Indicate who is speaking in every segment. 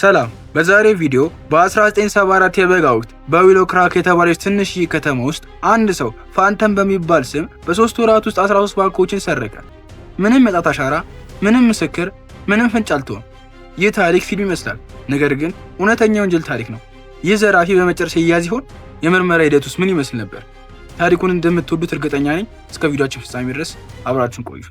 Speaker 1: ሰላም በዛሬ ቪዲዮ በ1974 የበጋ ወቅት በዊሎ ክራክ የተባለች ትንሽ ከተማ ውስጥ አንድ ሰው ፋንተም በሚባል ስም በሶስት ወራት ውስጥ 13 ባንኮችን ሰረቀ። ምንም የጣት አሻራ፣ ምንም ምስክር፣ ምንም ፍንጭ አልተወም። ይህ ታሪክ ፊልም ይመስላል፣ ነገር ግን እውነተኛ ወንጀል ታሪክ ነው። ይህ ዘራፊ በመጨረሻ ይያዝ ይሆን? የምርመራ ሂደት ውስጥ ምን ይመስል ነበር? ታሪኩን እንደምትወዱት እርግጠኛ ነኝ። እስከ ቪዲዮችን ፍጻሜ ድረስ አብራችሁን ቆዩ።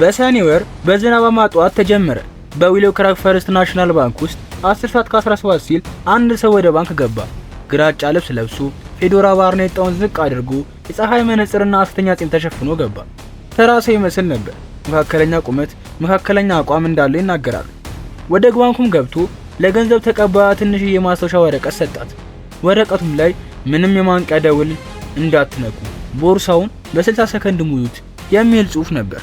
Speaker 1: በሰኔ ወር በዝናባማ ጠዋት ተጀመረ። በዊሎው ክራክ ፈርስት ናሽናል ባንክ ውስጥ 10 ሰዓት ከ17 ሲል አንድ ሰው ወደ ባንክ ገባ። ግራጫ ልብስ ለብሶ ፌዶራ ባርኔጣውን ዝቅ አድርጎ የፀሐይ መነጽርና አስተኛ ጺም ተሸፍኖ ገባ። ተራ ሰው ይመስል ነበር። መካከለኛ ቁመት፣ መካከለኛ አቋም እንዳለው ይናገራል። ወደ ባንኩም ገብቶ ለገንዘብ ተቀባያ ትንሽ የማስታወሻ ወረቀት ሰጣት። ወረቀቱም ላይ ምንም የማንቂያ ደውል እንዳትነኩ ቦርሳውን በ60 ሰከንድ ሙሉት የሚል ጽሑፍ ነበር።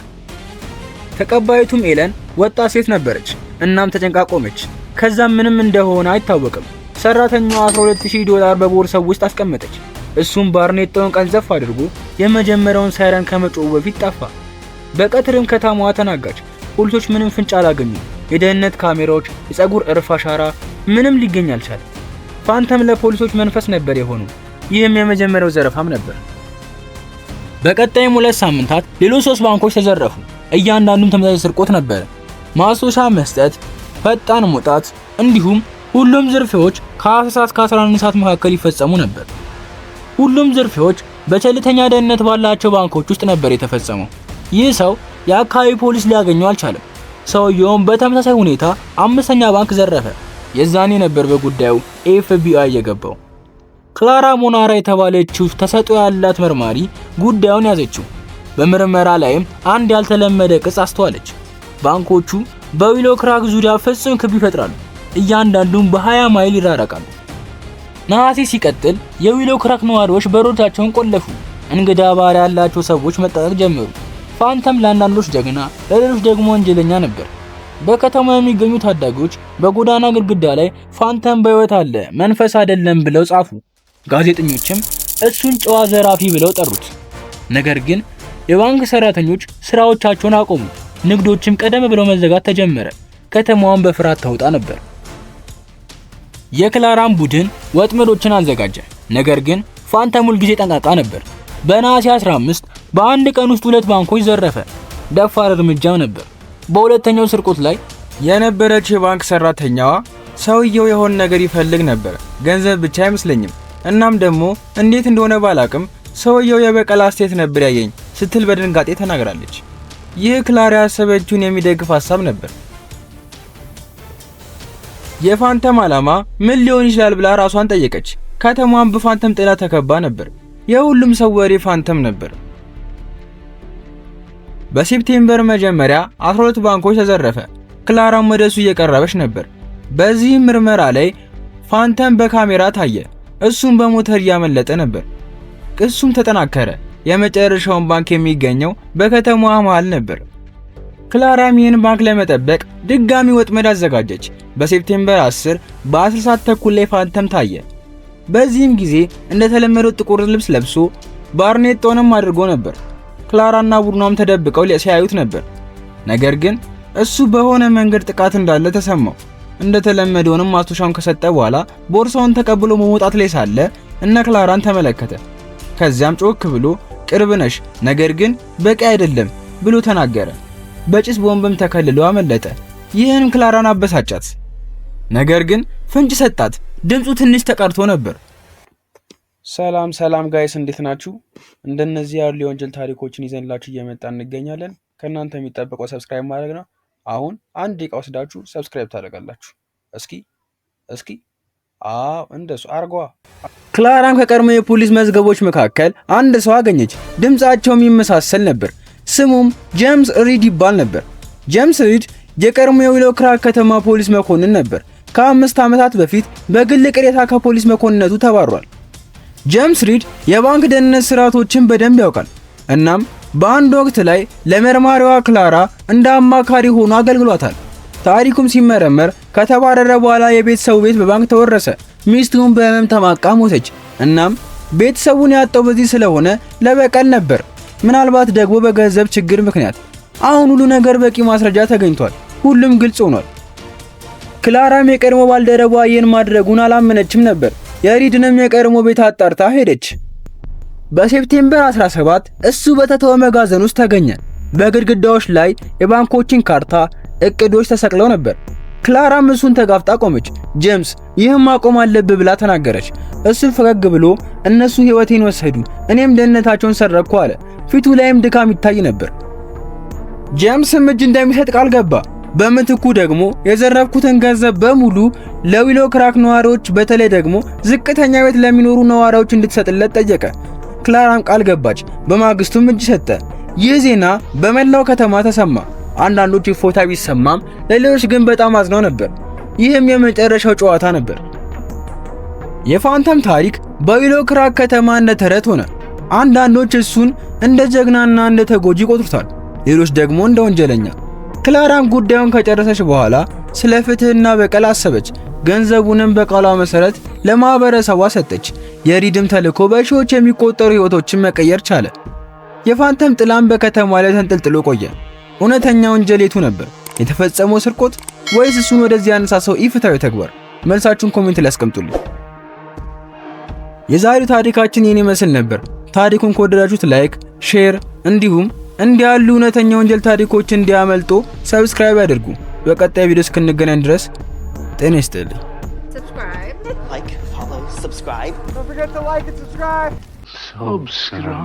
Speaker 1: ተቀባይቱም ኤለን ወጣት ሴት ነበረች። እናም ተጨንቃ ቆመች። ከዛም ምንም እንደሆነ አይታወቅም። ሰራተኛዋ 12000 ዶላር በቦርሳው ውስጥ አስቀመጠች። እሱም ባርኔጣውን ቀንዘፍ አድርጎ የመጀመሪያውን ሳይረን ከመጮው በፊት ጠፋ። በቀትርም ከተማዋ ተናጋች። ፖሊሶች ምንም ፍንጭ አላገኙ። የደህንነት ካሜራዎች፣ የፀጉር እርፍ አሻራ፣ ምንም ሊገኝ አልቻለ። ፋንተም ለፖሊሶች መንፈስ ነበር የሆኑ። ይህም የመጀመሪያው ዘረፋም ነበር። በቀጣይም ሁለት ሳምንታት ሌሎች ሶስት ባንኮች ተዘረፉ። እያንዳንዱም ተመሳሳይ ስርቆት ነበር። ማስታወሻ መስጠት፣ ፈጣን መውጣት እንዲሁም ሁሉም ዝርፊያዎች ከ10 ሰዓት ከ11 ሰዓት መካከል ይፈጸሙ ነበር። ሁሉም ዝርፊያዎች በቸልተኛ ደህንነት ባላቸው ባንኮች ውስጥ ነበር የተፈጸመው። ይህ ሰው የአካባቢ ፖሊስ ሊያገኘው አልቻለም። ሰውየውም በተመሳሳይ ሁኔታ አምስተኛ ባንክ ዘረፈ። የዛኔ ነበር በጉዳዩ ኤፍቢአይ የገባው። ክላራ ሞናራ የተባለችው ተሰጥኦ ያላት መርማሪ ጉዳዩን ያዘችው። በምርመራ ላይም አንድ ያልተለመደ ቅጽ አስተዋለች። ባንኮቹ በዊሎ ክራክ ዙሪያ ፍጹም ክብ ይፈጥራሉ፣ እያንዳንዱም በ20 ማይል ይራራቃሉ። ነሐሴ ሲቀጥል የዊሎ ክራክ ነዋሪዎች በሮቻቸውን ቆለፉ። እንግዳ ባህሪ ያላቸው ሰዎች መጠቀቅ ጀመሩ። ፋንተም ለአንዳንዶች ጀግና፣ ለሌሎች ደግሞ ወንጀለኛ ነበር። በከተማ የሚገኙ ታዳጊዎች በጎዳና ግድግዳ ላይ ፋንተም በህይወት አለ መንፈስ አይደለም ብለው ጻፉ። ጋዜጠኞችም እሱን ጨዋ ዘራፊ ብለው ጠሩት። ነገር ግን የባንክ ሰራተኞች ስራዎቻቸውን አቆሙ። ንግዶችም ቀደም ብለው መዘጋት ተጀመረ። ከተማዋን በፍርሃት ተውጣ ነበር። የክላራም ቡድን ወጥመዶችን አዘጋጀ። ነገር ግን ፋንታም ሁልጊዜ ጠንቃቃ ነበር። በነሐሴ 15 በአንድ ቀን ውስጥ ሁለት ባንኮች ዘረፈ። ደፋር እርምጃም ነበር። በሁለተኛው ስርቆት ላይ
Speaker 2: የነበረች የባንክ ሰራተኛዋ ሰውየው የሆነ ነገር ይፈልግ ነበር፣ ገንዘብ ብቻ አይመስለኝም። እናም ደግሞ እንዴት እንደሆነ ባላቅም ሰውየው የበቀል አስተያየት ነበር ያየኝ ስትል በድንጋጤ ተናግራለች። ይህ ክላሪያ ያሰበችውን የሚደግፍ ሀሳብ ነበር። የፋንተም ዓላማ ምን ሊሆን ይችላል ብላ ራሷን ጠየቀች። ከተማዋን በፋንተም ጥላ ተከባ ነበር። የሁሉም ሰው ወሬ ፋንተም ነበር። በሴፕቴምበር መጀመሪያ 12 ባንኮች ተዘረፈ። ክላራም ወደሱ እየቀረበች ነበር። በዚህም ምርመራ ላይ ፋንተም በካሜራ ታየ። እሱም በሞተር እያመለጠ ነበር። ቅሱም ተጠናከረ። የመጨረሻውን ባንክ የሚገኘው በከተማዋ መሃል ነበር። ክላራም ይህን ባንክ ለመጠበቅ ድጋሚ ወጥመድ አዘጋጀች። በሴፕቴምበር 10 በ10 ሰዓት ተኩል ላይ ፋንተም ታየ። በዚህም ጊዜ እንደተለመደው ጥቁር ልብስ ለብሶ ባርኔጣውንም አድርጎ ነበር። ክላራና ቡድኗም ተደብቀው ሲያዩት ነበር። ነገር ግን እሱ በሆነ መንገድ ጥቃት እንዳለ ተሰማው። እንደተለመደውንም ማስታወሻውን ከሰጠ በኋላ ቦርሳውን ተቀብሎ በመውጣት ላይ ሳለ እነ ክላራን ተመለከተ። ከዚያም ጮክ ብሎ ቅርብ ነሽ፣ ነገር ግን በቂ አይደለም ብሎ ተናገረ። በጭስ ቦምብም ተከልሎ አመለጠ። ይህንም ክላራን አበሳጫት። ነገር ግን ፍንጭ ሰጣት። ድምፁ ትንሽ ተቀርቶ ነበር።
Speaker 3: ሰላም ሰላም ጋይስ እንዴት ናችሁ? እንደነዚህ ያሉ የወንጀል ታሪኮችን ይዘንላችሁ እየመጣ እንገኛለን። ከእናንተ የሚጠበቀው ሰብስክራይብ ማድረግ ነው። አሁን አንድ ደቂቃ ወስዳችሁ ሰብስክራይብ ታደርጋላችሁ። እስኪ እስኪ አዎ እንደሱ አርጓ።
Speaker 1: ክላራም ከቀድሞ የፖሊስ መዝገቦች መካከል አንድ ሰው አገኘች። ድምፃቸው የሚመሳሰል ነበር። ስሙም ጄምስ ሪድ ይባል ነበር። ጄምስ ሪድ የቀድሞ የዊሎ ክራክ ከተማ ፖሊስ መኮንን ነበር። ከአምስት ዓመታት በፊት በግል ቅሬታ ከፖሊስ መኮንነቱ ተባሯል። ጄምስ ሪድ የባንክ ደህንነት ስርዓቶችን በደንብ ያውቃል። እናም በአንድ ወቅት ላይ ለመርማሪዋ ክላራ እንደ አማካሪ ሆኖ አገልግሏታል። ታሪኩም ሲመረመር ከተባረረ በኋላ የቤተሰቡ ቤት በባንክ ተወረሰ። ሚስቱም በህመም ተማቃ ሞተች። እናም ቤተሰቡን ያጣው በዚህ ስለሆነ ለበቀል ነበር፣ ምናልባት ደግሞ በገንዘብ ችግር ምክንያት። አሁን ሁሉ ነገር በቂ ማስረጃ ተገኝቷል። ሁሉም ግልጽ ሆኗል። ክላራም የቀድሞ ባልደረቧ ይህን ማድረጉን አላመነችም ነበር። የሪድንም የቀድሞ ቤት አጣርታ ሄደች። በሴፕቴምበር 17 እሱ በተተወ መጋዘን ውስጥ ተገኘ። በግድግዳዎች ላይ የባንኮችን ካርታ እቅዶች ተሰቅለው ነበር። ክላራም እሱን ተጋፍጣ ቆመች። ጄምስ ይህም ማቆም አለብህ ብላ ተናገረች። እሱ ፈገግ ብሎ እነሱ ህይወቴን ወሰዱ፣ እኔም ደህንነታቸውን ሰረቅኩ አለ። ፊቱ ላይም ድካም ይታይ ነበር። ጄምስም እጅ እንደሚሰጥ ቃል ገባ። በምትኩ ደግሞ የዘረፍኩትን ገንዘብ በሙሉ ለዊሎ ክራክ ነዋሪዎች፣ በተለይ ደግሞ ዝቅተኛ ቤት ለሚኖሩ ነዋሪዎች እንድትሰጥለት ጠየቀ። ክላራም ቃል ገባች። በማግስቱም እጅ ሰጠ። ይህ ዜና በመላው ከተማ ተሰማ። አንዳንዶች እፎይታ ቢሰማም ለሌሎች ግን በጣም አዝነው ነበር። ይህም የመጨረሻው ጨዋታ ነበር። የፋንታም ታሪክ በኢሎክራክ ከተማ እንደ ተረት ሆነ። አንዳንዶች እሱን እንደ ጀግናና እንደ ተጎጂ ይቆጥሩታል፣ ሌሎች ደግሞ እንደ ወንጀለኛ። ክላራም ጉዳዩን ከጨረሰች በኋላ ስለ ፍትህና በቀል አሰበች። ገንዘቡንም በቃሏ መሰረት ለማህበረሰቧ ሰጠች። የሪድም ተልዕኮ በሺዎች የሚቆጠሩ ህይወቶችን መቀየር ቻለ። የፋንተም ጥላም በከተማ ላይ ተንጠልጥሎ ቆየ። እውነተኛ ወንጀል የቱ ነበር? የተፈጸመው ስርቆት ወይስ እሱን ወደዚህ ያነሳሰው ኢፍትሐዊ ተግባር? መልሳችሁን ኮሜንት ላይ አስቀምጡልኝ። የዛሬው ታሪካችን ይህን ይመስል ነበር። ታሪኩን ከወደዳችሁት ላይክ፣ ሼር እንዲሁም እንዲህ ያሉ እውነተኛ ወንጀል ታሪኮች እንዲያመልጡ ሰብስክራይብ ያድርጉ። በቀጣይ ቪዲዮ እስክንገናኝ ድረስ ጤና ይስጥልኝ። subscribe. Don't forget to like and Subscribe. subscribe.